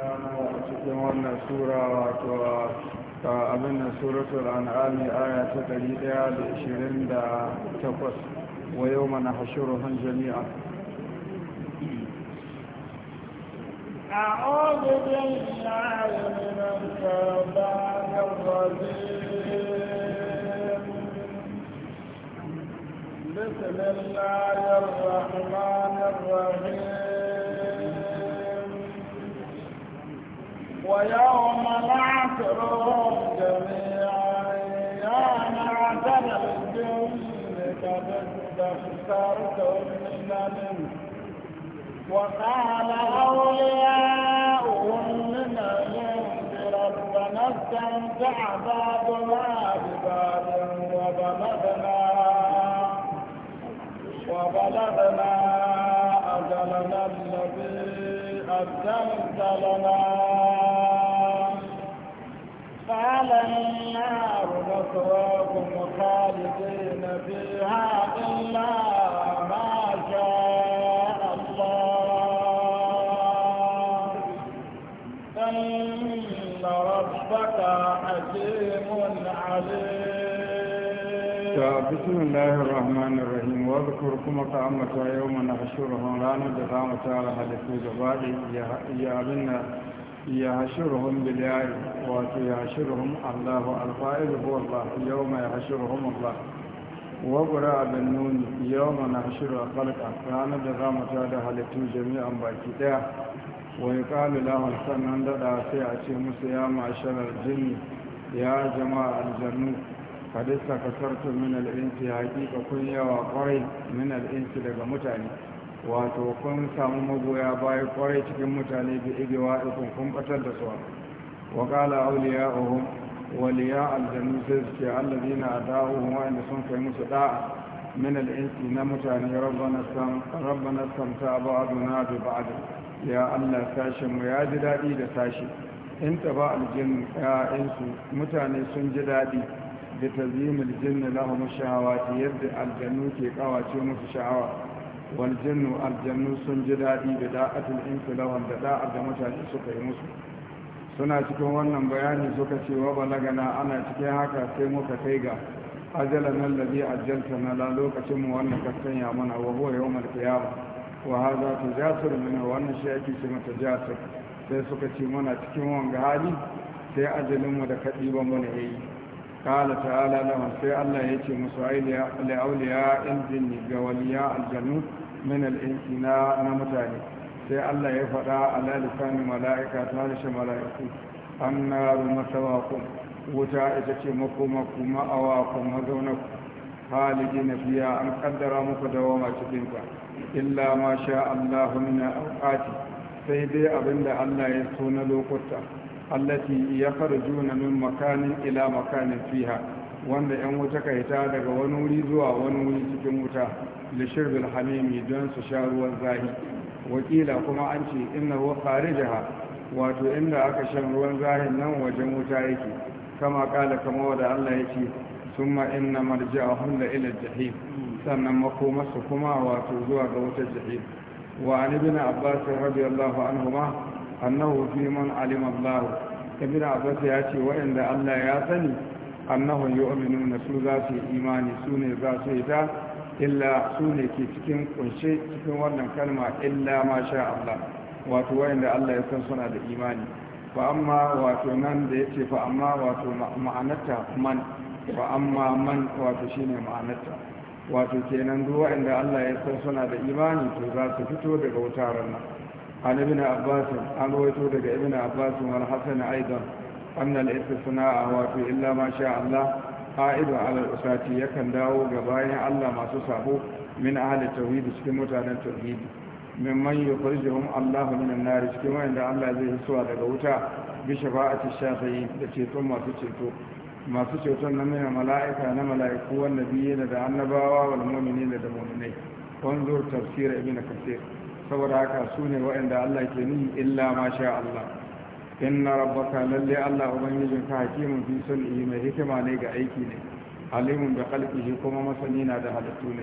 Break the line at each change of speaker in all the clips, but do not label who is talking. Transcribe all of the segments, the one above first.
cikin wannan sura wato abin nan suratul an'ami aya ta 128 wa yawma nahshuruhum jami'an
أعوذ بالله من الشيطان الرجيم بسم الله الرحمن الرحيم ويوم نعثرهم جميعا يا معشر الجن قد استكثرتم من الانس وقال اولياؤهم من الانس ربنا استمتع بعضنا ببعض وبلغنا وبلغنا اجلنا الذي اجلت لنا فعلى النار مثواكم خالدين فيها إلا ما شاء الله إن ربك حكيم عليم بسم
الله الرحمن الرحيم واذكركم كما يوم نحشرهم لا نجد دقامت على حديث جبالي يا ابن يحشرهم بالياء ويحشرهم الله الفائز هو الله يوم يحشرهم الله وقرا بالنون يوم نحشر الخلق كان دغام تاد حالتو جميعا باكي دaya ويقال له sannan dada sai a ce musu ya masharar jini ya jama'a aljannu kadista kasartu min al-insi haqiqa kun yawa kwarai min al-insi daga mutane wato kun samu magoya baya kwarai cikin mutane bi igewa ikon kun batar da su wa qala awliya'uhum waliya aljannu sai su ce na ata'uhum wa inda sun kai musu da'a min al na mutane rabbana sam rabbana samta ba'duna bi ba'd ya Allah sashi mu ya ji daɗi da sashi in ta ba aljin ya'insu mutane sun ji dadi da tazimul jinni lahum shahawati yadda aljannu ke kawace musu sha'awa wal aljannu sun ji daɗi da da'atul insu da da'ar da mutane suka yi musu suna cikin wannan bayani suka ce wa balagana ana cikin haka sai muka kai ga ajalan allazi ajalta na la lokacin mu wannan ka sanya mana wa huwa yawmal qiyamah wa hadha tajasur min wannan shi ake ce mata jasur sai suka ce muna cikin wanga hali sai ajalin mu da kadi ba mu ne yayi kala ta'ala lahum sai Allah ya ce musu ailiya la'auliya injin ga waliya aljanu min al-insi na mutane sai Allah ya faɗa ala lisanin mala'ika ta harshe mala'iku an na rumasawa ku wuta ita ce makomaku ma'awa ku mazaunaku haligi na biya, an kaddara muku dawama cikinta illa ma sha Allah na auƙati sai dai abinda Allah ya so na lokuta allati yakhrujuna min makanin ila makanin fiha wanda yan wuta ka hita daga wani wuri zuwa wani wuri cikin wuta da shirbil hamimi don su sha ruwan zahi wakila kuma an ce inna wa kharijaha wato inda aka shan ruwan zahin nan wajen wuta yake kama kala kama wada Allah yake summa inna a la ila jahim sannan makomarsu kuma wato zuwa ga wutar jahim wa an abbas radiyallahu anhuma annahu fi man alima Allah ibn Abbas ya ce waɗanda Allah ya sani annahu yu'minuna su za su yi imani su ne za su yi ta illa su ne ke cikin kunshe cikin wannan kalma illa ma sha Allah wato waɗanda Allah ya san suna da imani fa amma wato nan da ya ce fa amma wato ma'anarta man fa amma man wato shine ma'anarta wato kenan duk waɗanda Allah ya san suna da imani to za su fito daga wutar nan عن ابن عباس عن ويتودك ابن عباس والحسن أيضا أن الاستثناء وفي إلا ما شاء الله قائد على الأساة يكن داو قبائه الله ما تصابه من أهل التوحيد سكمت على التوحيد ممن يخرجهم الله من النار سكما عند الله زي سوى دقوتا بشفاعة الشافعين التي ثم تشتو ما تشتو من الملائكة أنا ملائكة والنبيين لدى النباوة والمؤمنين لدى المؤمنين وانظر تفسير ابن كثير saboda haka su ne waɗanda Allah ke nuni illa ma sha Allah inna rabbaka lalle Allah ubangijin ka hakimun fi sulhi mai hikima ne ga aiki ne alimun da khalqihi kuma masani na da halittu ne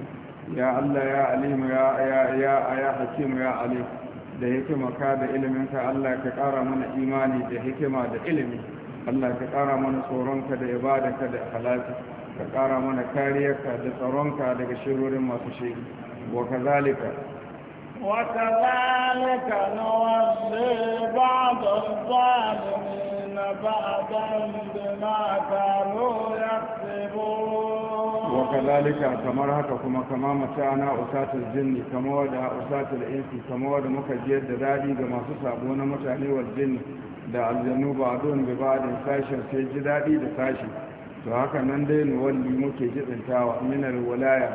ya Allah ya alimu ya ya ya ya hakimu ya alim da hikima ka da ilimin ka Allah ka kara mana imani da hikima da ilimi Allah ka kara mana tsoronka da ibadarka da akhlaqi ka kara mana kariyarka da tsaronka daga shirorin masu shiri wa kazalika
وكذلك نولي بعض الظالمين بعضا بما كانوا يكسبون وكذلك كما
هكا كما كما متعنا أساة الجن كما ودى أساة الإنس كما ودى مكجير دادي كما سسابون متعني والجن da aljannu ba don bi ba da sashen sai ji daɗi da sashi to haka nan dai nuwalli muke jitsintawa minar walaya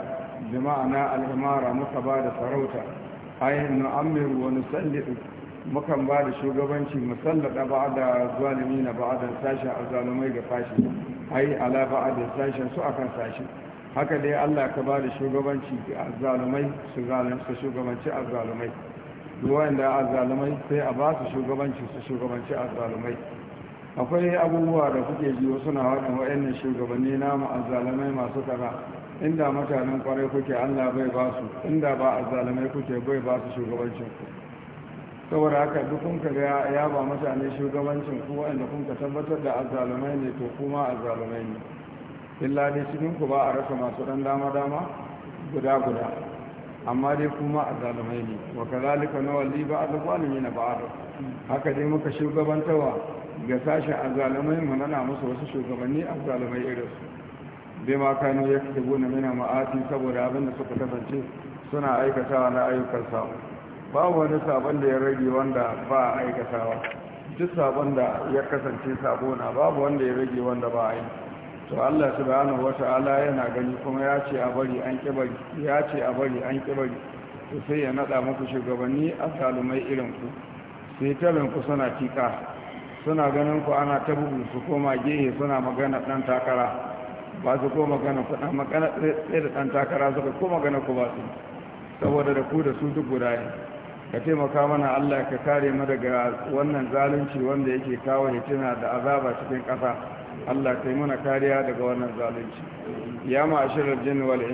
da ma'ana al'amara muka ba da sarauta ayin amiru wani nusallitu mukan ba da shugabanci musallada ba da zalimi na ba da sashen zalumai ga fashi ayi ala ba da sashen su akan sashi haka dai Allah ka ba da shugabanci a zalumai su zalumai. shugabanci da a zalumai sai a ba su shugabanci su shugabanci zalumai. akwai abubuwa da kuke ji wasu na waɗanda waɗannan shugabanni namu zalumai masu tara inda mutanen kwarai kuke allah bai ba su inda ba a zalimai kuke bai ba su shugabancin ku saboda haka duk kun ga ya ba mutane shugabancin ku wanda kun ka tabbatar da azzalumai ne to kuma azzalumai ne illa dai cikin ku ba a rasa masu dan dama dama guda guda amma dai kuma azzalumai ne wa kazalika wali ba ba a haka dai muka shugabantawa ga sashen azzalumai mu nana musu wasu shugabanni azzalumai irinsu bima kanu gona mina ma'afi saboda abinda da suka kasance suna aikatawa na ayyukan sabo babu wani sabon da ya rage wanda ba aikatawa duk sabon da ya kasance sabo na babu wanda ya rage wanda ba yi to Allah wata ala yana gani kuma ya ce a bari an kibari ya ce a bari an kibari to sai ya nada muku shugabanni a salumai irin ku sai tarin ku suna tika suna ganin ku ana ta bugu su koma gehe suna magana dan takara ba su ko magana kuɗa makana tsaye da ɗan takara suka ko magana ku ba su saboda da ku da su duk guda ne ka taimaka mana allah ka kare mu daga wannan zalunci wanda yake kawo hitina da azaba cikin ƙasa allah ka yi mana kariya daga wannan zalunci ya ma jin wal ya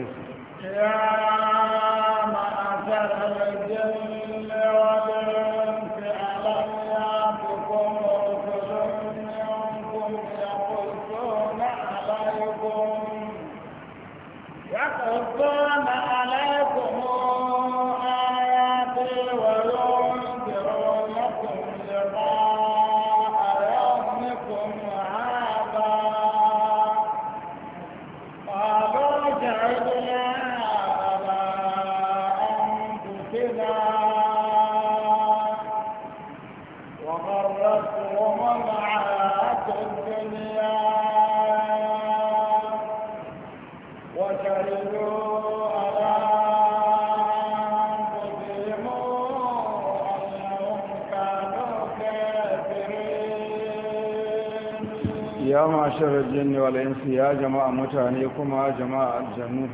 jinni wal insi ya jama'a mutane kuma jama'a aljannu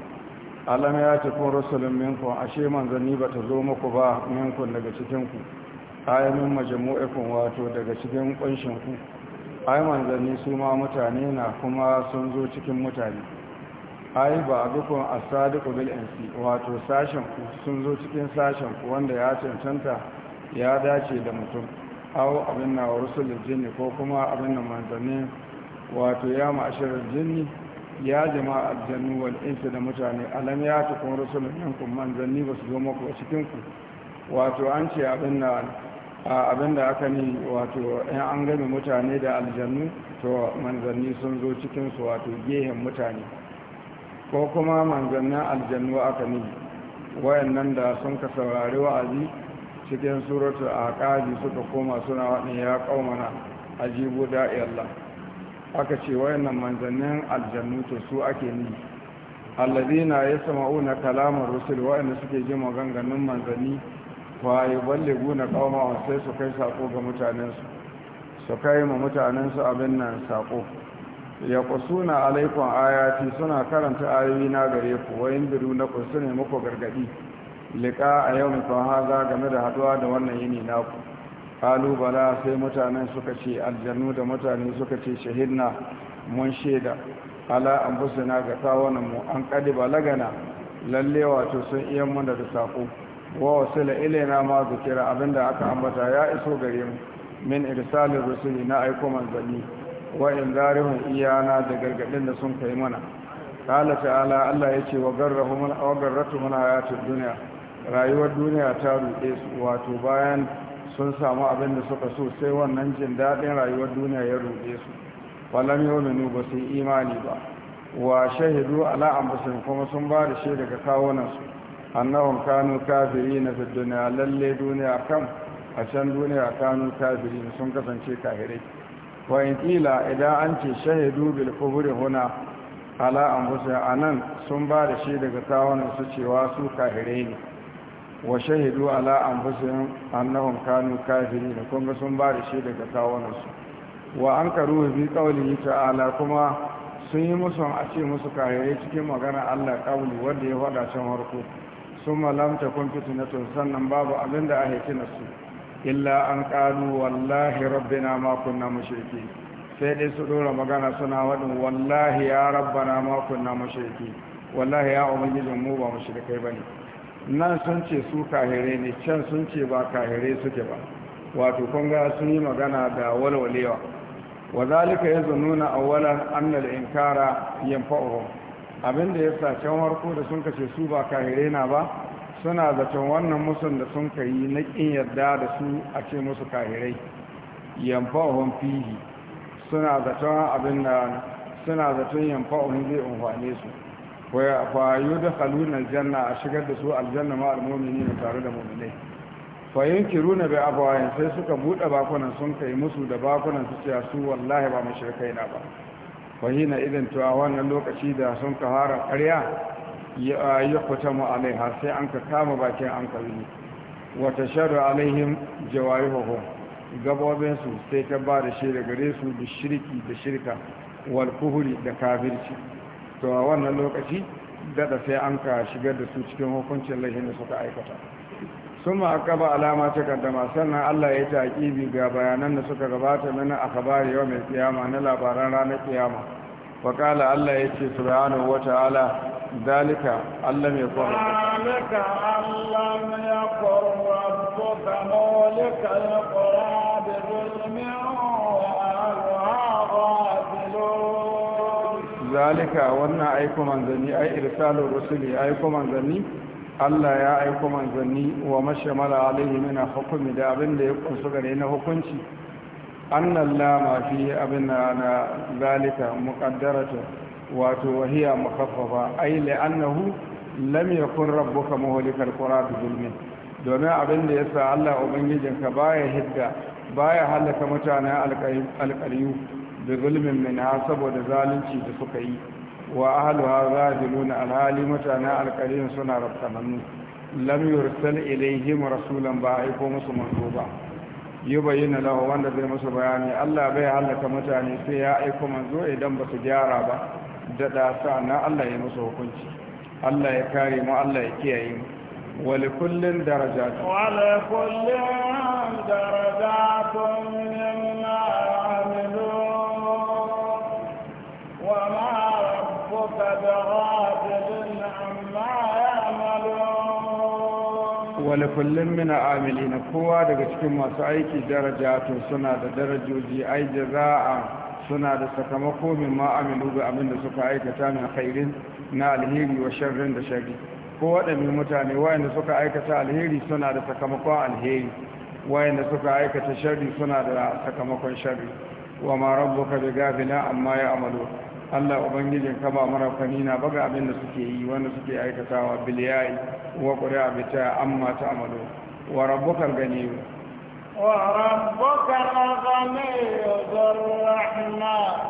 alam ya tafi rasulun minku ashe manzanni ba ta zo muku ba minku daga cikinku ayamin majamu'ikun wato daga cikin kunshinku ai manzanni su ma mutane na kuma sun zo cikin mutane ai ba a dukkan asadiku bil insi wato sashenku sun zo cikin sashenku wanda ya cancanta ya dace da mutum Hau abin na wa rusulun jinni ko kuma abin na manzanni wato ya ma'asharar jini ya jama'a aljannu wal insu da mutane alam ya ta kun rasulun yankun manzanni ba su zo maku a cikinku wato an ce abin da aka ni wato yan an gami mutane da aljannu to manzanni sun zo cikinsu wato gehen mutane ko kuma manzannin aljannu aka ni wayannan da sun ka saurari wa'azi cikin suratul aqabi suka koma suna waɗin ya qaumana ajibu da'i Allah aka ce wayannan manzannin aljannu to su ake ni allazina na kalamar rusul wayanda suke ji maganganun manzanni wa na qauma sai su kai sako ga mutanensu su kai ma mutanensu abin nan sako ya kusuna alaikun ayati suna karanta ayoyi na gare ku wayin biru na kusu muku gargadi liƙa a yau mai haza game da haduwa da wannan yini naku kalu bala sai mutanen suka ce aljannu da mutane suka ce shahidna mun shaida ala an na ga tawanan mu an kadi balagana lalle wato sun iya mun da sako wa wasila ilaina ma zikira abinda aka ambata ya iso gare mu min irsalin rusuli na aiko manzanni wa in zarihun iyana da gargadin da sun kai mana kala ta'ala Allah ya ce wa garratu mana hayatun duniya rayuwar duniya ta ruɗe su wato bayan sun samu abin da suka so sai wannan jin daɗin rayuwar duniya ya ruɗe su walam yawminu ba su yi imani ba wa shahidu ala ambasin kuma sun ba da shaida ga kawunan su annahum kanu na fi dunya lalle duniya kam a can duniya kanu kafirin sun kasance kafirai wa in kila idan an ce shahidu bil kubri huna ala anfusihim anan sun ba da shaida ga kawunan su cewa su kafirai ne wa shahidu ala anfusihim annahum kanu kafirin kuma sun ba da shi daga kawunansu wa an karu bi qawlihi ta'ala kuma sun yi musu a ce musu kayaye cikin magana Allah kauli wanda ya faɗa can harko malamta lam takun fitnatun sannan babu abin da ake kina su illa an qalu wallahi rabbina ma kunna mushriki sai dai su dora magana suna wadin wallahi ya rabbana ma kunna mushriki wallahi ya ubangijin mu ba mushrikai bane nan sun ce su kahire ne can sun ce ba kahire suke ba wato kunga sun yi magana da walwalewa wa zalika ya zununa awwalan annal inkara yanfa'uhum abinda ya sa can harko da sun kace su ba kahire na ba suna da can wannan musun da sun kai na kin yadda da su a ce musu kahirai yanfa'uhum fihi suna zaton da suna zai umfane su fa Khalun aljanna a shigar da su aljanna ma na tare da mu'minai fa yunkiruna bi abawain sai suka bude bakunan sun kai musu da bakunan su cewa su wallahi ba mushrikai na ba fa hina idan to lokaci da sun ka fara ƙarya ya kutamu har sai an ka kama bakin an ka kalli wa tasharru alaihim jawarihuhum gabobin su sai ta ba da shi da gare su da shirki da shirka wal kuhuri da kafirci to a wannan lokaci dada sai an ka shigar da su cikin hukuncin laifin da suka aikata sun ma'akaba alama ta kaddama sannan allah ya ta aƙibi ga bayanan da suka gabata mana a kabari yau mai kiyama na labaran ranar kiyama wakala allah ya ce subhanahu wata ala, dalika allah
mai kwarar
zalika wannan aiko manzanni ai irsalur rusuli aiko manzanni Allah ya aiko manzanni wa mashamala alaihi min hukmi da abin da ya kunsu gare na hukunci annan lama fi abin na zalika muqaddaratu wato wahiya mukaffafa ai annahu lam yakun rabbuka muhlikal qura bi zulmin domin abin da yasa Allah ubangijinka baya hidda baya halaka mutanen alƙaryu da zulmin minha saboda zalunci da suka yi wa ahluha zaliluna alhali mutane alkarin suna rafsanannu lam yursal ilaihim rasulan ba aiko musu manzo ba yi bayyana lahu wanda zai musu bayani Allah bai hallaka mutane sai ya aiko manzo idan ba su gyara ba da dasa na Allah ya musu hukunci Allah ya kare mu Allah ya kiyaye mu ولكل kullum daraja
tun wale
kullum mina amili na kowa daga cikin masu aiki daraja to suna da darajoji ai a suna da sakamako min ma'amilu ga abinda da suka aikata min khairin na alheri wa sharrin da shari ko waɗannan mutane wayanda suka aikata alheri suna da sakamakon alheri wayanda suka aikata shari suna da sakamakon shari wa ma rabbuka bi gafilin amma ya amalu Allah Ubangijin kama mara fani na baga abin da suke yi wanda suke aikatawa biliyayi wa kuri abu ta amma ta amalo wa rabbukar gani yi.
Wa rabbukar gani yi zuwar rahina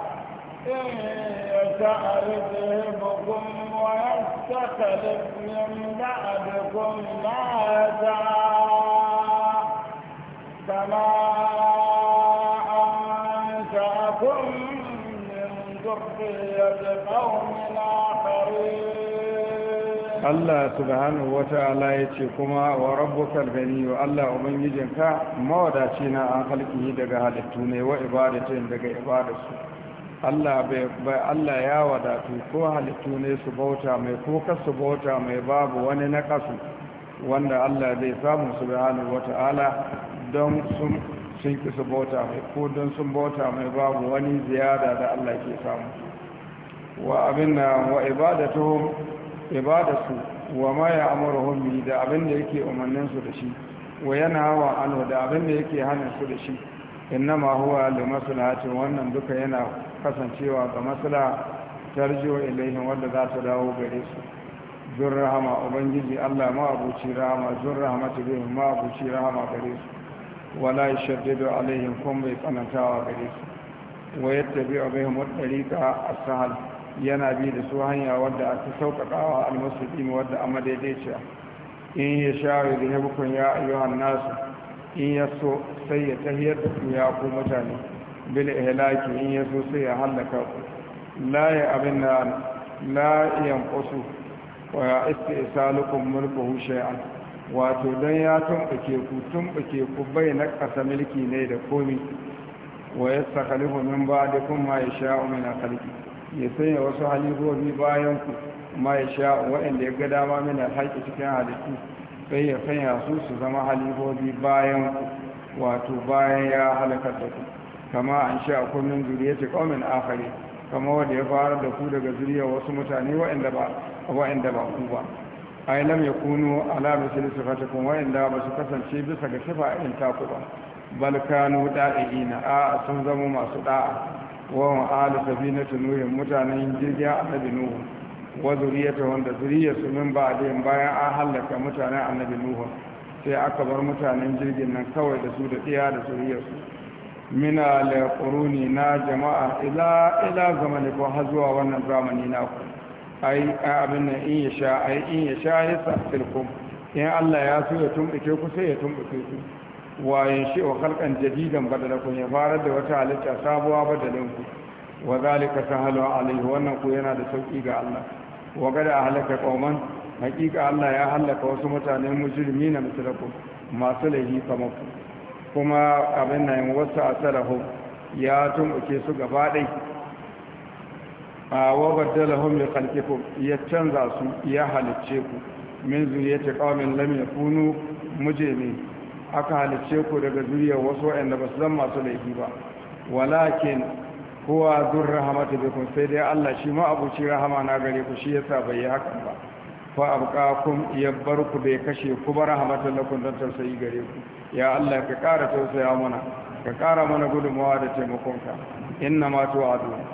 in ya sa'ari da yi bukun wa ya saka lifin da abikun na ya za'a.
Allah subhanahu wata'ala ya ce kuma wa rabbukal gani wa Allah ubangijinka mawadaci na an halki daga halittu ne wa ibadatu daga ibadarsu Allah ya wadatu ko halittu ne su bauta mai ko kasu bauta mai babu wani nakasu wanda Allah zai samu subhanahu wata'ala don sun sun kisa bauta mai ko don sun bauta mai babu wani ziyara da Allah ke samu wa abin na wa ibadatuhum ibadatu wa ma amuru da abin da yake umarnin su da shi wa yana yanhawa anhu da abin da yake hana su da shi ma huwa li maslahati wannan duka yana kasancewa ga maslaha tarjiwa ilaihim wanda za ta dawo gare su zur rahama ubangiji Allah ma abuci rahama zur rahama zai ma abuci rahama gare su wala ya shaddido alaihim kuma bai tsanantawa gare su wa yadda bi a bai hamar ɗariƙa a sahal yana bi da su hanya wadda aka sauƙaƙawa almusulmi wadda a madaidaiciya in ya sha ya da yabukun ya nasu in ya so sai ya tahiyar da ku ya mutane bil ihlaki in ya so sai ya halaka ku la ya abin da la yanqusu wa istisalukum mulkuhu shay'an wato don ya tumɓuke ku tumɓuke ku bai na ƙasa milki ne da komi wa ya sakalifu min ba da kun ma ya sha umina kalki ya sanya wasu halifofi bayan ku ma ya sha waɗanda ya ga dama min alhaƙi cikin halittu sai ya sanya su su zama halifofi bayan ku wato bayan ya halakar da ku kama an sha ku min zuriyati qaumin akhari kama wanda ya fara da ku daga zuriyar wasu mutane ba waɗanda ba ku ba ai lam yakunu ala misli sifatikum wa inda ba su kasance bisa ga sifa irin taku ba bal kanu da'ina a sun zama masu da'a wa hum ahli sabinati nuhin mutanen jirgin annabi nuhu wa zuriyata wanda su min ba'dihim bayan an halaka mutanen annabi nuhu sai aka bar mutanen jirgin nan kawai da su da tsiya da zuriyarsu mina la quruni na jama'a ila ila zamani ko har zuwa wannan zamani naku ai abin nan in ya sha ai in ya sha ya sa'atilkum in Allah ya so ya tumbuke ku sai ya tumbuke ku wa yanshi wa khalqan jadidan badalakum ya farar da wata halitta sabuwa badalin ku wa zalika sahalu alaihi wannan ku yana da sauƙi ga Allah wa gada halaka qauman hakika Allah ya halaka wasu mutane mujrimi na mutalakum masu laifi kamar ku kuma abin na yin wasu a asarahu ya tumbuke su gaba ɗaya wa baddalahum bi khalqikum ya canza su ya halicce ku min zuriyati qaumin lam yakunu mujrimin aka halicce ku daga zuriyar wasu wa'anda ba su zan masu laifi ba walakin huwa zur rahmatu bikum sai dai Allah shi ma abuci rahama na gare ku shi yasa bai yi hakan ba fa abqakum bar ku bai kashe ku ba rahmatan lakum dan tausayi gare ku ya Allah ka kara tausaya mana ka kara mana gudunmawa da taimakonka inna ma tu'adun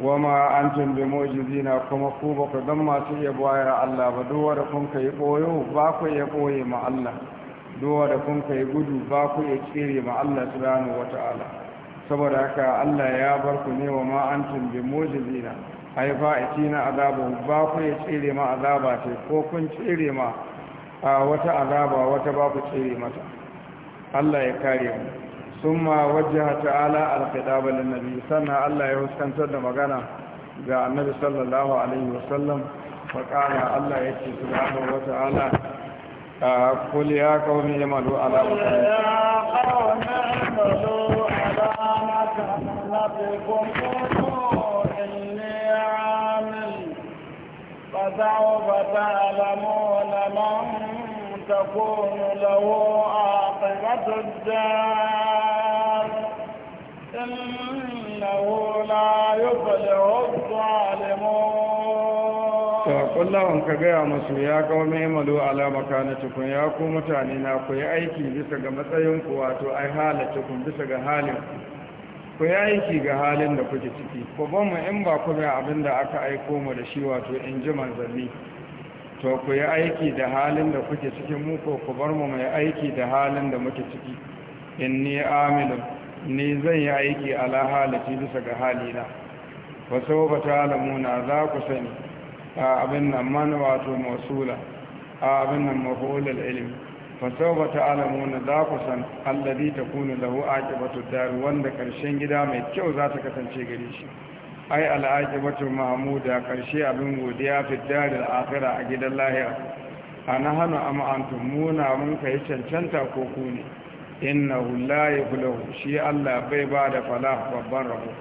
wa ma an tumbe mojizina kuma ku ba ku zan masu iya bayar Allah ba duwa da kun ka yi ɓoyo ba ku iya ɓoye ma Allah duwa da kun ka yi gudu ba ku iya tsere ma Allah subhanahu wata'ala saboda haka Allah ya bar ku ne wa ma an tumbe mojizina ai ba a ci na azaba ba ku iya tsere ma azaba ce ko kun tsere ma a wata azaba wata ba ku tsere mata Allah ya kare mu sun ma wajaha ta'ala alƙidabalin nabi sannan allah ya huskantar da magana ga annabi sallallahu alaihi wasallam faƙara allah ya ce su da abin wata'ala a kuli ya kawo mai malu alaƙa
فتعوا فتعلموا لمن تكون له عاقبة الدار إنه لا يفلح الظالمون
قل لهم كجاء مسويا قوم اعملوا على مكانتكم يا قوم ya ku yi aiki bisa ga matsayinku wato ai halatukum bisa ga halinku ku yi aiki ga halin da kuke ciki ku ban mu in ba ku abin da aka aiko mu da shi wato in ji manzanni to ku yi aiki da halin da kuke cikin mu ko ku bar mu mai aiki da halin da muke ciki in ni amilu ni zan yi aiki ala halati bisa ga halina wasu ba ta alamuna za ku sani a abin nan man wato masula a abin nan mafi'ulul ilimi wasu ba ta alamuna za ku san alladi ta kunu lahu aƙibatu dar wanda ƙarshen gida mai kyau za ta kasance gare shi ai al'aqibatu mahmuda karshe abin godiya fi daril akhirah a gidan lahiya ana hanu am antum muna mun kai cancanta ko ku ne innahu la yuflihu shi Allah bai ba da falah babban rabo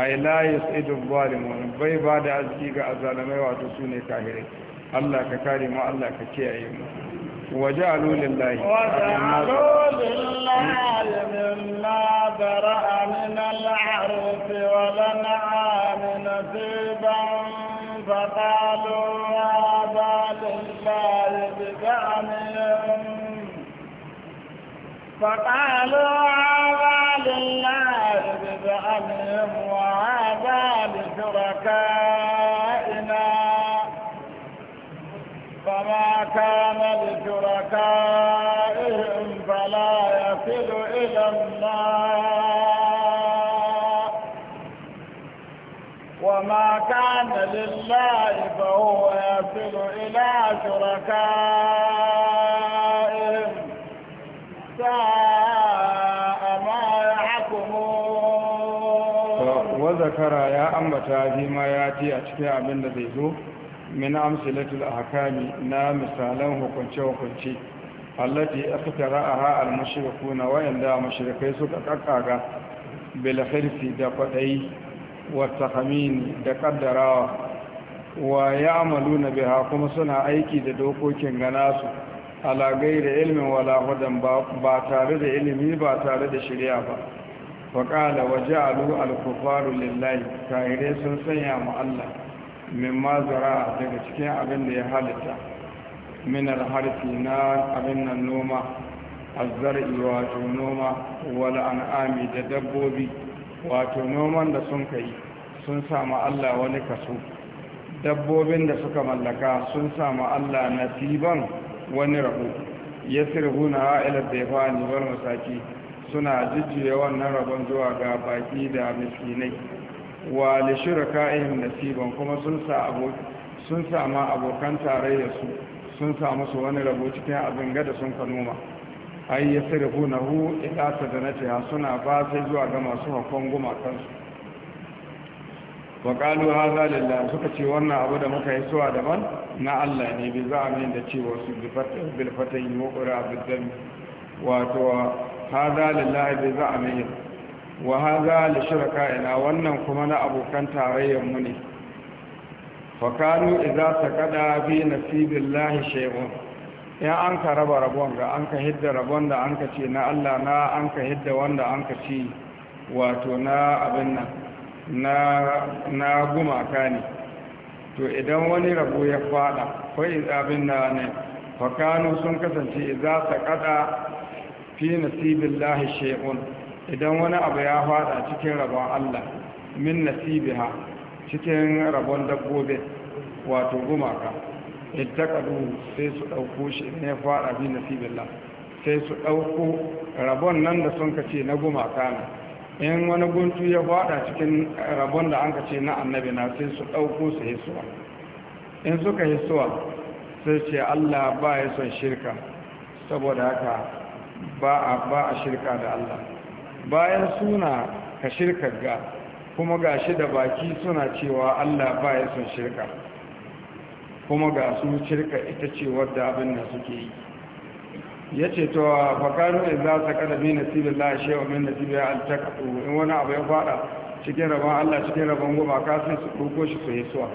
ai la yasidu zalimun bai ba da azki ga azalamai wato sune kahirai Allah ka kare mu Allah ka kiyaye mu وجعلوا لله وجعلوا لله مما برأ
من الحرث والأنعام نصيبا فقالوا هذا لله بزعمهم فقالوا هذا لله بزعمهم وهذا لشركائهم فما كان لشركائهم فلا يصل إلى الله وما كان لله فهو يصل إلى شركائهم ساء ما يحكمون
وذكر يا أمتا فيما يأتي أشكي عبد الذي min amsalatul ahkami na misalan hukunce hukunce allati aktara'aha al-mushrikuna wa yanda mashirikai suka kakkaga bil khirsi da kwadai wa tahamini da kaddarawa wa na biha kuma suna aiki da dokokin ganasu ala gairi ilmin wala hudan ba tare da ilimi ba tare da shirya ba fa qala wa ja'alu al-kufaru lillahi kaire sun sanya mu Allah min mazara daga cikin abin da ya halitta minar harfi na abin nan noma azzar'i wato noma wala an'ami da dabbobi wato noman da sun kai sun samu allah wani kaso dabbobin da suka mallaka sun samu allah nasiban wani rabo ya sirhu na ha'ilar da ya fani wani masaki suna jijjiye wannan rabon zuwa ga baki da miskinai wa li shuraka'ihim nasiban kuma sun sa abokan sun sama abokan tarayya su sun samu su wani rabo cikin abin gada sun ka noma ai ya sirfu na hu ila suna ba sai zuwa ga masu hakon goma kansu wa qalu hadha lillah suka ce wannan abu da muka yi suwa daban na Allah ne bi za amin da cewa su bi fatan bil fatan yi wa qura bidan wato hadha lillah bi za wa haza li shuraka'ina wannan kuma na abokan tarayyar mu ne fa kanu idza taqada fi nasibillahi shay'un ya an ka raba rabon ga an ka hidda rabon da an ka ce na Allah na an ka hidda wanda an ka ci wato na abin nan na na gumaka ne to idan wani rabo ya fada fai abin nan ne fa kanu sun kasance idza taqada fi nasibillahi shay'un idan wani abu ya fada cikin rabon Allah min nasibiha cikin rabon dabbobi wato gumaka duhu, sai su dauko shi ne ya fada bi nasibillah sai su dauko rabon nan da sun kace na gumaka ne in wani guntu ya fada cikin rabon da an kace na annabi na sai su dauko su hisuwa in suka hisuwa sai ce Allah ba ya son shirka saboda haka ba a shirka da Allah bayan suna ka shirka ga kuma ga shi da baki suna cewa Allah ba ya son shirka kuma ga su shirka ita ce wadda abin da suke yi ya ce to fakanu in za su kada mai nasibin la shi wa min nasibin ya altaka in wani abu ya fada cikin rabon Allah cikin rabon goma ka sun su ɗauko shi su yi suwa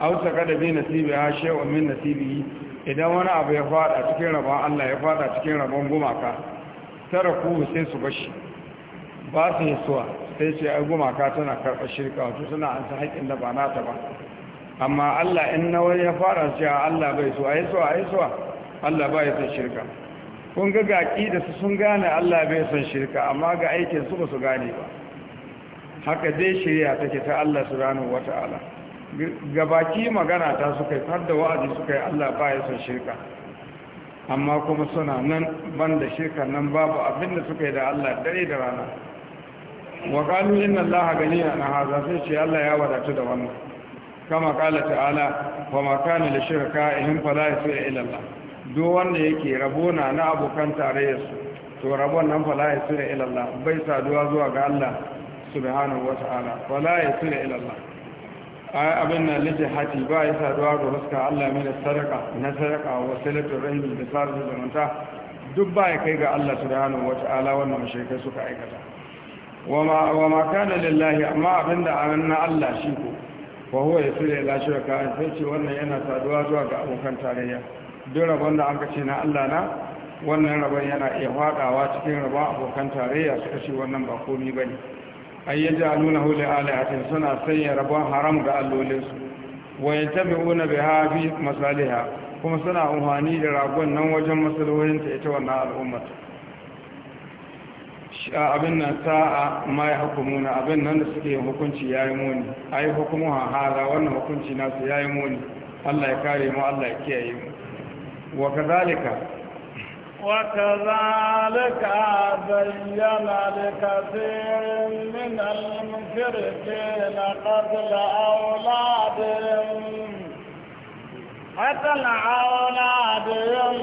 au ta kada mai nasibin ya shi wa min nasibin idan wani abu ya fada cikin rabon Allah ya fada cikin rabon goma ka tara ku sai su bashi ba su suwa sai ce ai gumaka tana karɓar shirka wato suna an san haƙƙin da ba na ta ba amma Allah in na ya fara cewa Allah bai so ai suwa ai suwa Allah bai son shirka kun ga gaki da su sun gane Allah bai son shirka amma ga aikin su ba su gane ba haka dai shirya take ta Allah subhanahu wata'ala gabaki magana ta suka yi har da wa'azi suka yi Allah bai son shirka amma kuma suna nan banda shirka nan babu abinda suka yi da Allah dare da rana wa qalu inna allaha ganiya na haza sai ce Allah ya wadatu da wannan kama kala ta'ala wa ma kana li shirkaihim fala yasira ila Allah Do wanda yake rabona na abokan ya su to rabon nan fala yasira ila Allah bai saduwa zuwa ga Allah subhanahu wa ta'ala fala yasira ila Allah ai abin nan lije hati ba ya saduwa ga huska Allah mai sadaka na sadaka wa salatu rahimi da da manta duk ba ya kai ga Allah subhanahu wa ta'ala wannan mushrikai suka aikata wa ma kana lillahi amma abinda ana na Allah shi ko wa huwa yasiru ila shirka sai ce wannan yana saduwa zuwa ga abokan tarayya duk rabon da an kace na Allah na wannan rabon yana iya fadawa cikin rabon abokan tarayya su kace wannan ba komai bane a nuna hu li'alatin suna sanya rabon haram ga allolinsu su wa yantabi'una biha fi masaliha kuma suna umarni da ragon nan wajen ta ita wannan al'ummata abin nan sa'a ma ya hukumuna abin nan da suke yin hukunci ya yi muni a yi hukumu hada wannan hukunci nasu ya yi muni allah ya kare mu allah ya kiyaye mu wa kazalika
wa kazalika bayyana da kasirin min al-mushrike na qatla auladin qatla auladin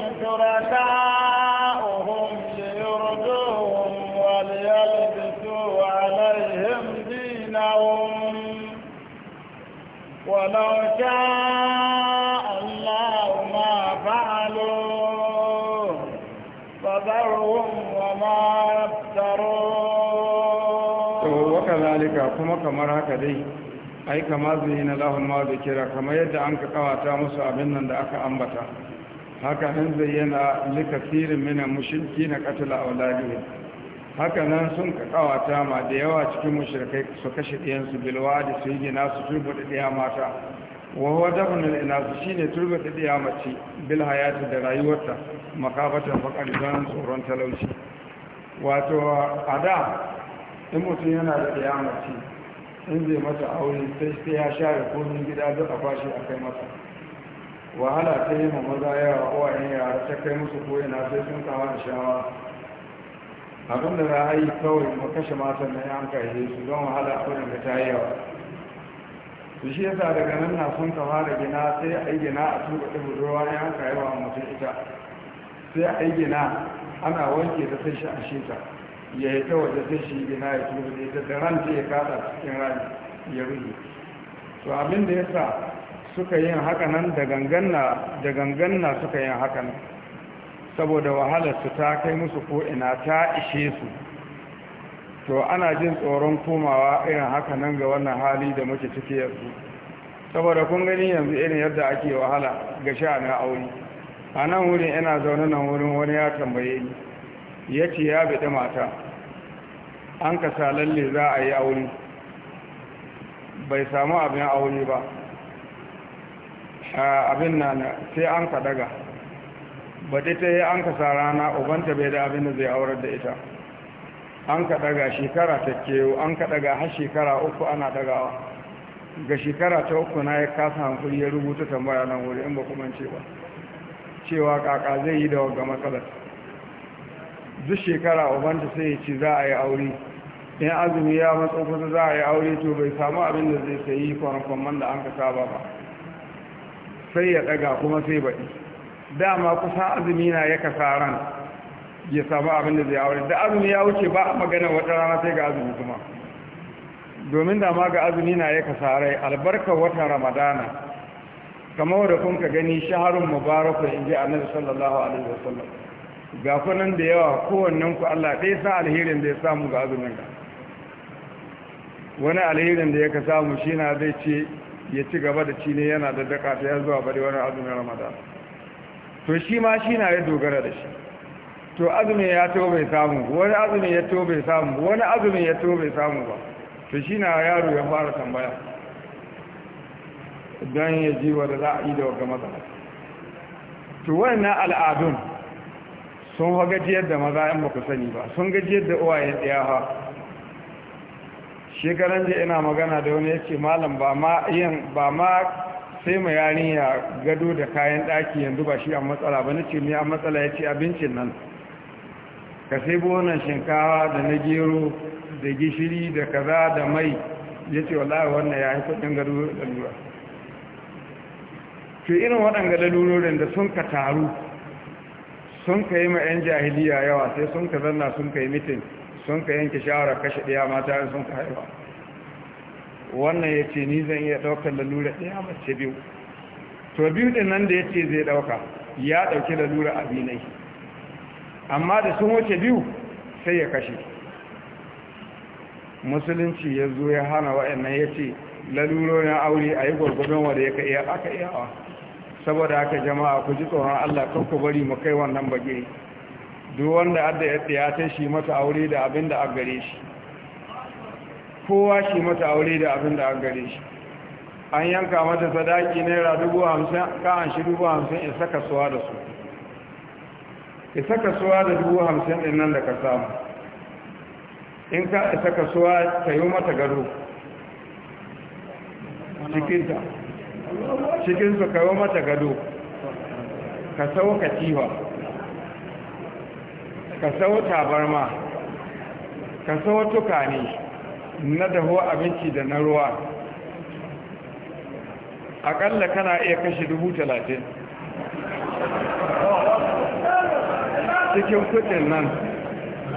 ولو شاء الله ما فعلوا فذرهم وما يفترون
وكذلك كما كما ai kama zuhina lahun ma kira kama yadda an ka kawata musu abin nan da aka ambata haka hin zayyana likasirin mina mushinki na katila wadadiyar haka nan sun kakawata ma da yawa cikin mushrikai su kashe ɗiyansu bilwa da su yi gina su da ɗiya mata wawa dafanin ina su shi ne da ɗiya mace bil hayata da rayuwarta makabatar bakar don tsoron talauci wato a da in mutum yana da ɗiya mace in zai mata aure sai sai ya share komin gida zai a bashi a kai masa wahala ta yi ma maza yawa uwayen yara ta kai musu ko ina sai sun kawo da shawa abin da za a yi kawai mu kashe matan na yan kashe su don wahala abin da ta yi yawa su shi yasa daga nan na sun kama da gina sai a yi gina a tuka ɗin budurwa yan kashe wa mutum ita sai a yi gina ana wanke ta sai shi a shi ta ya yi ta waje sai shi gina ya tuka da ita da ranta ya kasa cikin rami ya rufe to abin da yasa suka yin haka nan da gangan na suka yin haka nan saboda su ta kai musu ko'ina ta ishe su to ana jin tsoron komawa irin haka nan ga wannan hali da muke ciki yanzu saboda kun gani yanzu irin yadda ake wahala ga sha na aure a nan wurin ina zaune nan wurin wani ya tambaye ni ya ce ya biɗi mata an kasa lalle za a yi aure bai samu abin aure ba abin nan sai an ka baɗi ta yi an kasa rana ubanta bai da abin da zai aurar da ita an ka daga shekara ta kewo an ka daga har shekara uku ana dagawa ga shekara ta uku na ya kasa hankuri ya rubuta tambaya nan wuri in ba kuma ce ba cewa kaka zai yi da wagga matsalar duk shekara ubanta sai ya ci za a yi aure in azumi ya matso kusa za a yi aure to bai samu abin da zai sayi kwanakwanman da an ka saba ba sai ya daga kuma sai baɗi dama kusan azumi na ya kasaran ya samu abin da zai aure da azumi ya wuce ba magana wata rana sai ga azumi kuma domin dama ga azumi na ya kasarai albarka watan ramadana kamar da kun ka gani shaharun mubarakun inji annabi sallallahu alaihi wasallam ga kunan da yawa kowannen ku Allah ɗaya sa alherin da ya samu ga azumin ka wani alherin da ya ka samu shi na zai ce ya ci gaba da ci ne yana da daka ta ya zuwa bari wani azumin ramadana to shi ma shi na ya dogara da shi to azumin ya to bai samu wani azumin ya to bai samu wani azumin ya to bai samu ba to shi na yaro ya fara tambaya don ya ji wadda za a yi da waga maza to wannan al'adun sun gajiyar da maza yan baku sani ba sun gajiyar da uwayen ɗaya shekaran jiya ina magana da wani ya ce malam ba ma sai ma ya gado da kayan ɗaki yanzu ba shi an matsala ba na ce ni an matsala ya ce abincin nan ka sai wannan shinkawa da na gero da gishiri da kaza da mai ya ce wallahi wannan ya yi kudin gado da lura to irin waɗanga lalurorin da sun ka taru sun ka yi ma 'yan jahiliya yawa sai sun ka zanna sun ka yi mitin sun ka yanke shawarar kashe ɗaya mata sun ka haifa wannan ya ce ni zan iya ɗaukar lalura ɗaya mace biyu to biyu ɗin nan da ya ce zai ɗauka ya ɗauki lalura abinai amma da sun wuce biyu sai ya kashe musulunci ya zo ya hana wa'annan ya ce lalurorin aure a yi gwargwadon wanda ya aka iyawa saboda haka jama'a ku ji tsoron allah kan ku bari mu kai wannan bage duk wanda adda ya tsaya ta shi mata aure da abin da a gare shi kowa shi mata aure da abin da an gare shi an yanka mata sadaki naira dubu hamsin ka an shi dubu hamsin in saka suwa da su in saka suwa da dubu hamsin din nan da ka samu in ka saka suwa ta yi mata gado cikinta cikinsu ka yi mata gado ka sau tiwa ka sau tabarma ka sau tukane na dahuwa abinci da na ruwa akalla kana iya kashe dubu talatin cikin kudin nan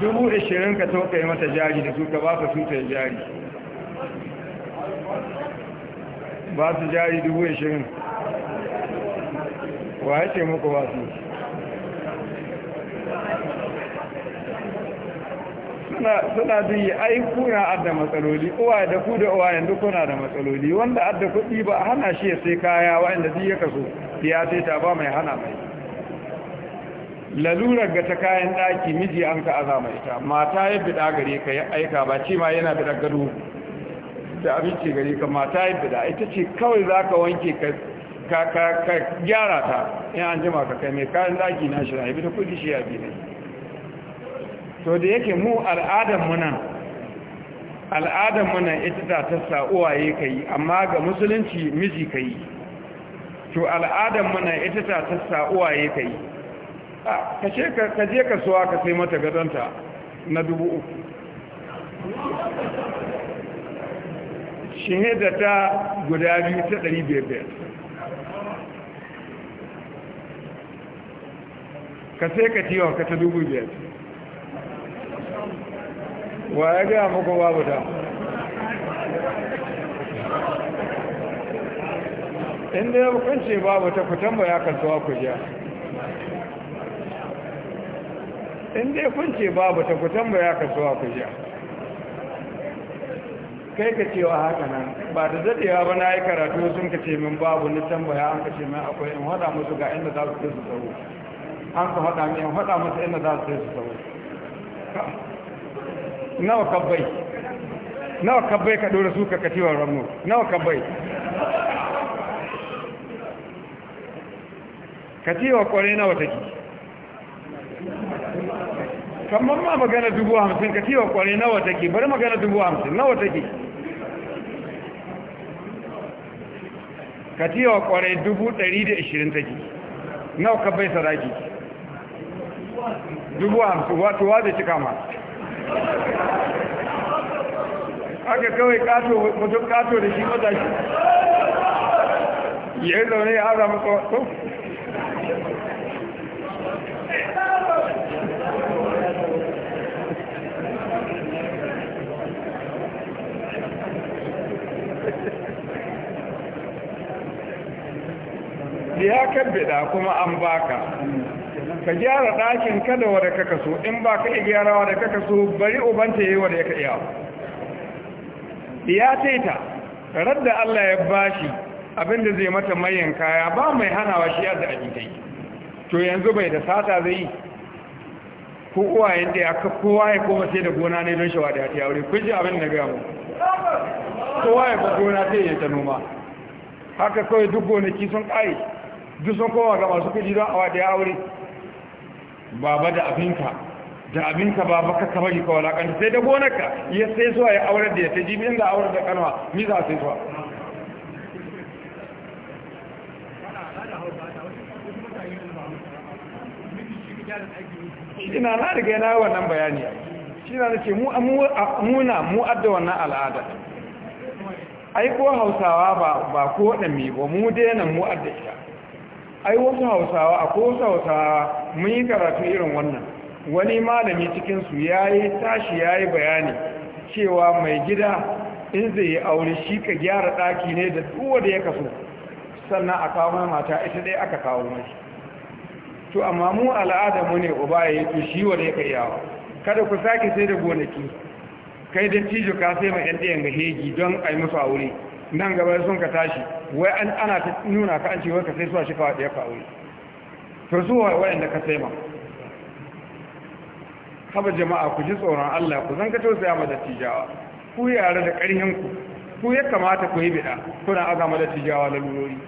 dubu ashirin ka toka yi mata jari da su ka ba ka suta jari ba su jari dubu ashirin wa ya ce muku ba su suna yi ai kuna adda matsaloli uwa da ku da uwa yanzu kuna da matsaloli wanda adda kuɗi ba hana shi ya sai kaya wa'anda zai ya kaso ya sai ta ba mai hana mai lalurar ga ta kayan ɗaki miji an ka aza mai ta mata ya bida gare ka ya aika ba ce ma yana bida gado da abinci gare ka mata ya bida ita ce kawai za ka wanke ka gyara ta in an jima ka kai mai kayan ɗaki na shi na bi ta kudi shi ya bi ne to da yake mu al'adar muna al'adar muna ita ta tassa uwaye kai amma ga musulunci miji kai to al'adar muna ita ta tassa uwaye kai ka ce ka je ka suwa ka sai mata gadonta na dubu uku da ta guda biyu ta ɗari biyar ka sai ka tiwon ka ta dubu biyar wa ya gaya muku babu ta inda ya kunce babu ta fitan ba ya kasuwa ku ja inda ya kunce babu ta fitan ba ya kasuwa ku ja kai ka cewa haka nan ba da zadewa ba na yi karatu sun ka ce min babu na tambaya an ka ce min akwai in hada musu ga inda za su ce su tsaro an ka hada min in haɗa musu inda za su ce su tsaro nawa kabbai nawa kabbai ka dora su ka katiwar ramu nawa kabbai katiwa kwarai nawa take kamar ma magana dubu hamsin katiwa kwarai nawa take bari magana dubu hamsin nawa take katiwa kwarai dubu ɗari da ishirin take nawa kabbai saraki. dubu hamsin wato waje cika ma aka kawai kato mutum kato da shi shi ya yi zaune ya haza masa wato
ya da kuma an baka
ka gyara ɗakin kada wadda ka kaso, in ba ka iya gyarawa da ka kaso, bari ubanta ya yi wadda ya ka iya ya taita radda Allah ya bashi abinda zai mata mayan kaya ba mai hanawa shi yadda abintai to yanzu bai da sata zai yi. ko uwayen da aka kowa ya koma sai da gona ne don shawa da ya aure kun ji abin da ga mu kowa ya ba gona sai ya ta noma haka kawai duk gonaki sun ƙari duk sun kowa ga masu kuɗi don awa da ya aure baba da abinka da abinka baba ka kamar yi kawala kan sai da gonarka ya sai zuwa ya aure da ya ta jibin da aure da kanwa ni za a sai zuwa
ina na riga yana wannan bayani
shi na da ce muna mu'adda wannan al'ada ai ko hausawa ba ko waɗanne ba mu daina mu'adda ita ai wasu hausawa a wasu hausawa mun yi karatu irin wannan wani malami cikinsu ya yi tashi ya yi bayani cewa mai gida in zai yi aure shi ka gyara ɗaki ne da tsuwa da ya kaso sannan a kawo mata ita dai aka kawo mai to amma mu mu ne uba ya yi to shi wanda ya kai yawa kada ku sake sai da gonaki kai da tijo ka sai ma 'yan ɗayan ga hegi don a yi musu aure nan gaba sun ka tashi wai an ana ta nuna ka an ce wai ka sai suwa da ya fa kawai to su wa wayanda ka sai ma haba jama'a ku ji tsoron Allah ku zan ka sai ma dattijawa ku yare da ƙarhin ku ku ya kamata ku yi bida kuna aza ma dattijawa lalurori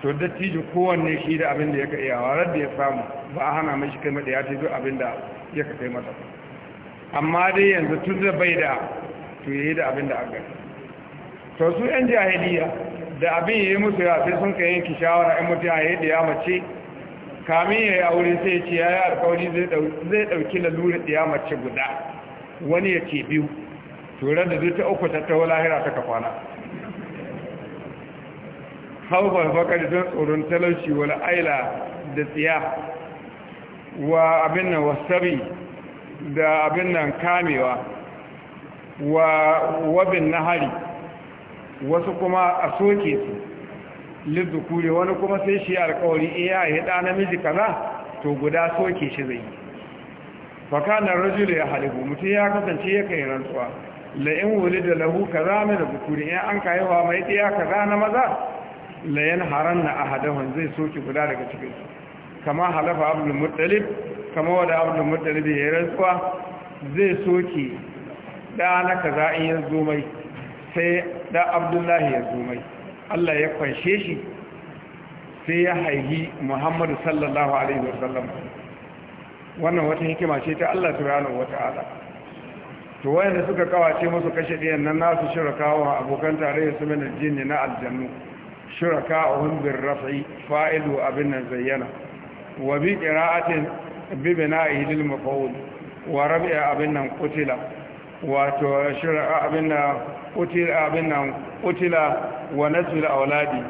to tiji kowanne shi da abin da ya ka iya wa da ya samu ba a hana mai shi kai da ya ce duk abin da ya ka kai mata amma dai yanzu tun da bai da to ya yi da abin da an gani to su yan jahiliya da abin ya yi musu ya sai sun ka yanki shawara yan mutum ya da ya mace kamin ya yi aure sai ce ya yi alkawari zai ɗauki lalura da ya mace guda wani ya ce biyu turar da zai ta uku tattawa lahira ta kafana ba bakar don tsoron talauci wani aila da tsiya wa abin nan wasabi da abin nan kamewa wa wabin nahari wasu kuma a soke su Kure wani kuma sai shi alkawari iya eh, ya da namiji kaza to guda soke shi zai fakanar rajula ya halibu mutum ya kasance ya kai rantsuwa la'in wuli da lahu kaza mai da bukuri in an wa mai ɗaya kaza na maza layan haran na a hadahun zai soke guda daga cikinsu kama halafa abu muttalib kama wada abu muttalib ya yi rantsuwa zai soke ɗa na kaza in yanzu mai sai da abdullahi ya zo mai Allah ya kwanshe shi sai ya haihi muhammadu sallallahu alaihi wasallam wannan wata hikima ce ta Allah wata ala. to wayanda suka kawace musu kashe ɗiyan nan nasu shiraka wa abokan tare su mana jini na aljannu shiraka a bir raf'i fa'ilu abin nan zayyana wa bi ƙira'atin bibi na lil maf'ul wa rabi'a abin nan kutila, wato shiraka abin nan utila abin nan utila wa nasul auladi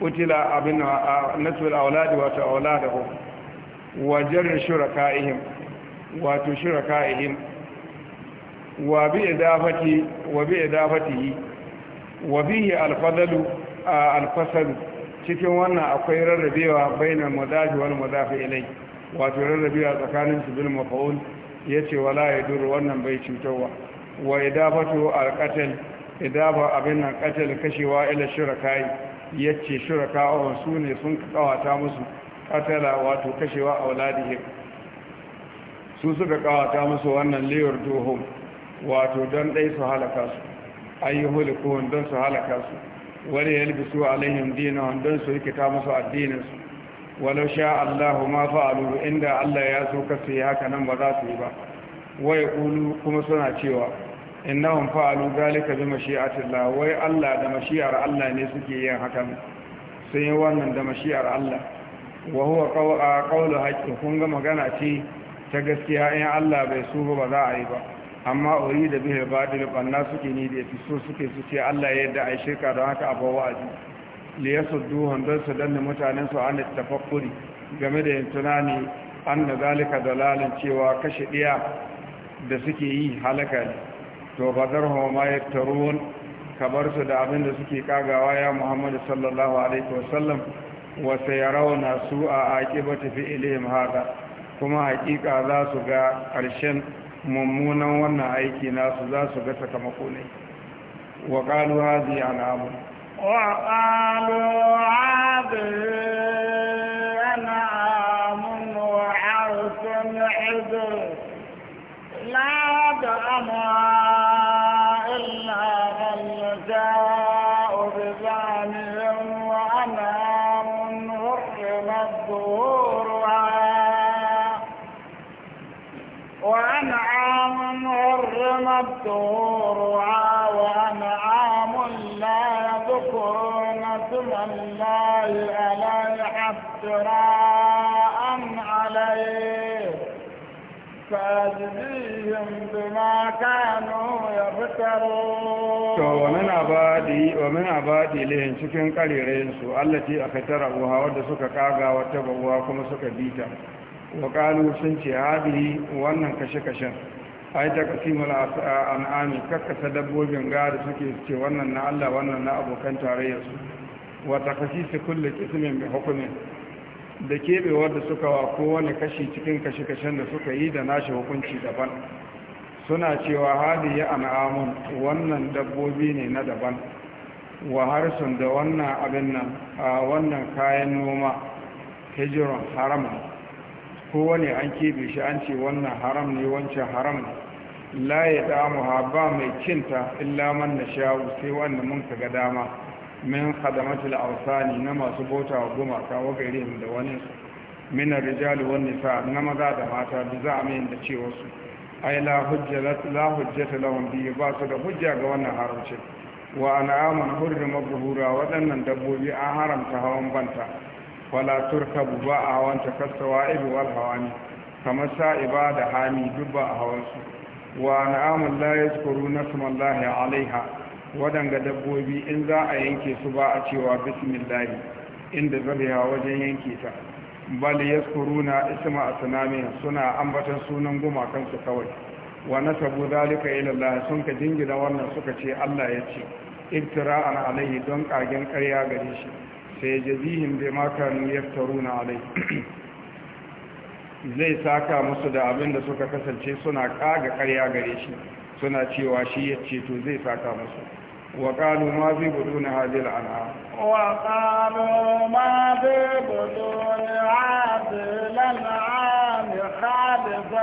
utila abin nasul auladi wato auladahu wa jarr shurakaihim wato shurakaihim wa bi idafati wa bi idafatihi wa bihi alfadalu alfasal cikin wannan akwai rarrabewa bainal mudafi wal mudafi ilai wato rarrabewa tsakanin su bil mafa'ul yace wala yadur wannan bai cutowa wa idafatu alqatal idaba abin nan katil kashewa ila shirakai yace shirakawa su ne sun kawata musu katala wato kashewa auladihim su suka kawata musu wannan liyar dohom wato don ɗai su halaka su ayyuhul kohon don su halaka su wani su alaihim dinahun don su rikita musu addininsu walau sha Allahu ma fa'alu inda Allah ya so kasu yi haka nan ba za su yi ba wai kulu kuma suna cewa innahum fa'alu zalika bi mashi'atillah wai Allah da mashi'ar Allah ne suke yin hakan sun yi wannan da mashi'ar Allah wa huwa qawlu haqqi kun ga magana ce ta gaskiya in Allah bai so ba za a yi ba amma ori da bihi badil banna suke ni da fi so suke su ce Allah ya yarda ai shirka don haka abu wa'azi li yasuddu don su danna mutanen su an tafakkuri game da yin tunani an da zalika dalalin cewa kashe diya da suke yi halaka ne to fadarhu ma yaftarun kabar su da abin da suke kagawa ya Muhammadu sallallahu alaihi wasallam a sayarawna su'a aqibati fi'lihim hada kuma hakika za su ga ƙarshen mummunan wannan aiki nasu za su ga sakamako ne wa qalu hadhihi
wa الأرض الرعى وأنعام لا يذكرون اسم الله عليها افتراء عليه فأجزيهم بما كانوا To, wa muna ba
wa muna ba ɗi lihin cikin ƙarirensu, a katara uwa wadda suka kuma suka bita, wa ƙalu sun ce, Abi wannan kashe kashe ai ta kasimul an'ami kakkasa dabbobin ga da suke ce wannan na Allah wannan na abokan tarayyar su wa su kulli kismin bi hukumin da kebe wanda suka wa kowane kashi cikin kashe kashen da suka yi da nashi hukunci daban suna cewa hadi ya an'amun wannan dabbobi ne na daban wa harsun da wannan abin nan a wannan kayan noma hijiran haramun kowane an kebe shi an ce wannan haram ne wancan haram ne la ya damuha ba mai cinta illa man na sha'u sai wanda mun ka ga dama min khadamatul awsani na masu bauta wa gumaka wa gairihim da wani min ar-rijal wan nisa na maza da mata bi za amin da cewa su ay la hujjat la hujjata lahum bi ba su da hujja ga wannan haramcin wa an'amun hurrimat zuhura waɗannan dabbobi an haramta hawan banta wala turkabu ba a wanta kasawa ibu wal kamar sa'iba da hami duk ba a su. wa na'amun la yazkuru nasmallahi alaiha wadanga dabbobi in za a yanke su ba a cewa bismillah inda zaliha wajen yanke ta bal yazkuruna isma tsunami suna ambatan sunan gumakan su kawai wa nasabu zalika ila Allah sun ka jingina wannan suka ce Allah ya ce ibtira'an alaihi don kagen ƙarya gare shi sayajzihim bima kanu yaftaruna alai zai saka musu da abin da suka kasance suna kaga ƙarya gare shi suna cewa shi ya ceto zai saka musu وقالوا ما في بطون هذه الأنعام
وقالوا ما في بطون هذه الأنعام خالصة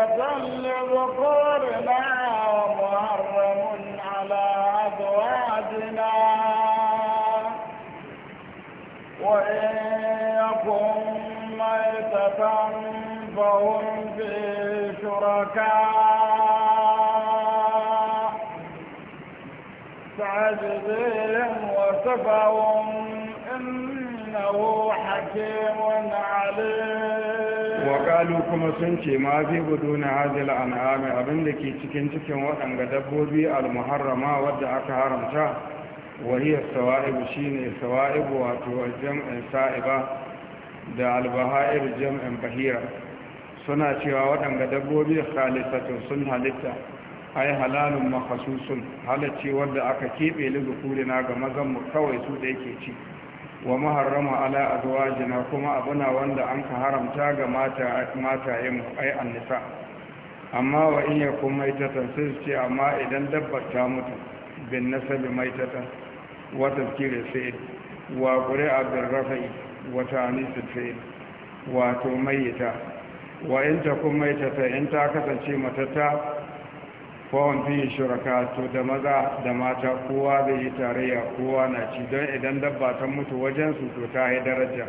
لذكورنا وإن يكن ميتة فهم فيه شركاء تعجبهم وصفهم إنه حكيم عليم وقالوا
kuma sun ce ma fi guduna hadil an'ami abin da ke cikin cikin waɗanga dabbobi al-muharrama wadda aka haramta wahiyar sawa'ibu shine sawa'ibu wato jam'in sa'iba da albaha'ir jam'in bahira suna cewa waɗanda dabbobi khalisatun sun halitta ai halalun makasusun halacci wanda aka keɓe lizukurina ga mazanmu kawai su da yake ci wa maharrama ala azwajina kuma abuna wanda an ka haramta ga mata matayen ai annisa amma wa in yakun maitatan sai ce amma idan dabbar ta mutu bin nasabi maitatan وتذكير الفعل وقرئ wato وتعنيس Wa in وإن تكون ميتة in ta kasance متتا fawon fiye shuraka to da maza da mata kowa zai yi tarayya kowa na ci don idan dabba ta mutu wajensu to ta yi daraja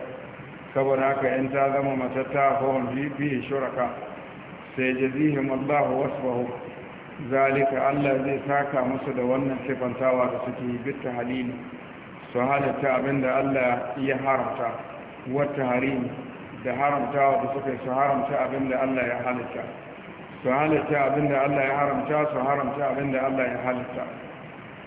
saboda haka in ta zama matata fawon fiye shuraka sai jazihim wasu zalika Allah zai saka musu da wannan sifantawa da suke bitta halili su halitta abinda Allah ya haramta wata harini da haramtawa da suka su haramta abinda Allah ya halitta su halitta abinda Allah ya haramta su haramta abinda Allah ya halitta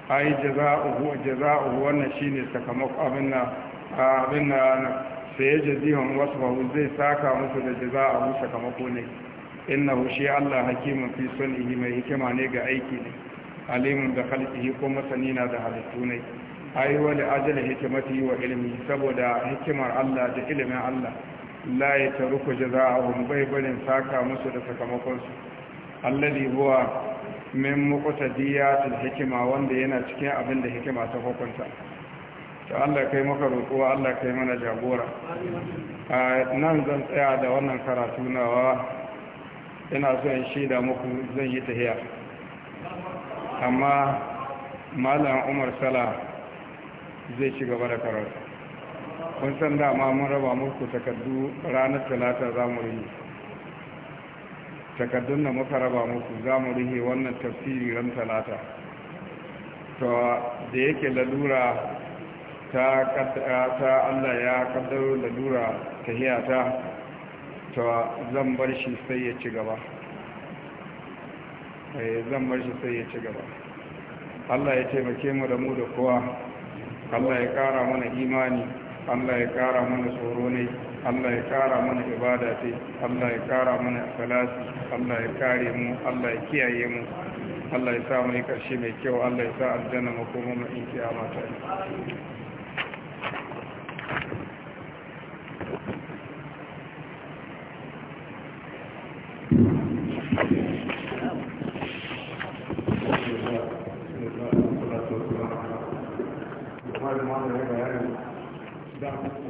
ai jaza'uhu jaza'uhu wannan shine sakamako abinda abinda sai ya jazihun wasu zai saka musu da jaza'uhu sakamako ne innahu shi Allah hakimun fi sunnihi mai hikima ne ga aiki ne alimun da khalqihi ko masani na da halittu ne ai wa da hikimati wa ilmi saboda hikimar Allah da ilimin Allah la ya taruku jazaa'uhum bai barin saka musu da sakamakon su alladhi huwa min muqtadiyatil hikima wanda yana cikin abin da hikima ta hukunta ta Allah kai maka roƙo Allah kai mana jagora nan zan tsaya da wannan karatu nawa ina so in shaida muku zan yi tahiya amma malam umar sala zai ci gaba da karar. kun san dama mun raba muku takardu ranar talata za mu rihe takardun da muka raba muku za mu rihe wannan tafsiri ran talata to da yake lalura ta Allah ya kaddaro lalura tahiyata cewa zan bar shi sai ya ci gaba eh, zan bar shi sai ya ci gaba Allah ya taimake mu da mu da kowa Allah ya kara mana imani Allah ya kara mana tsoro ne Allah ya kara mana ibada ce Allah ya kara mana salati Allah ya kare mu Allah ya kiyaye mu Allah ya sa mu yi karshe mai kyau Allah ya sa aljanna mu kuma mu in kiyama ta
Thank you.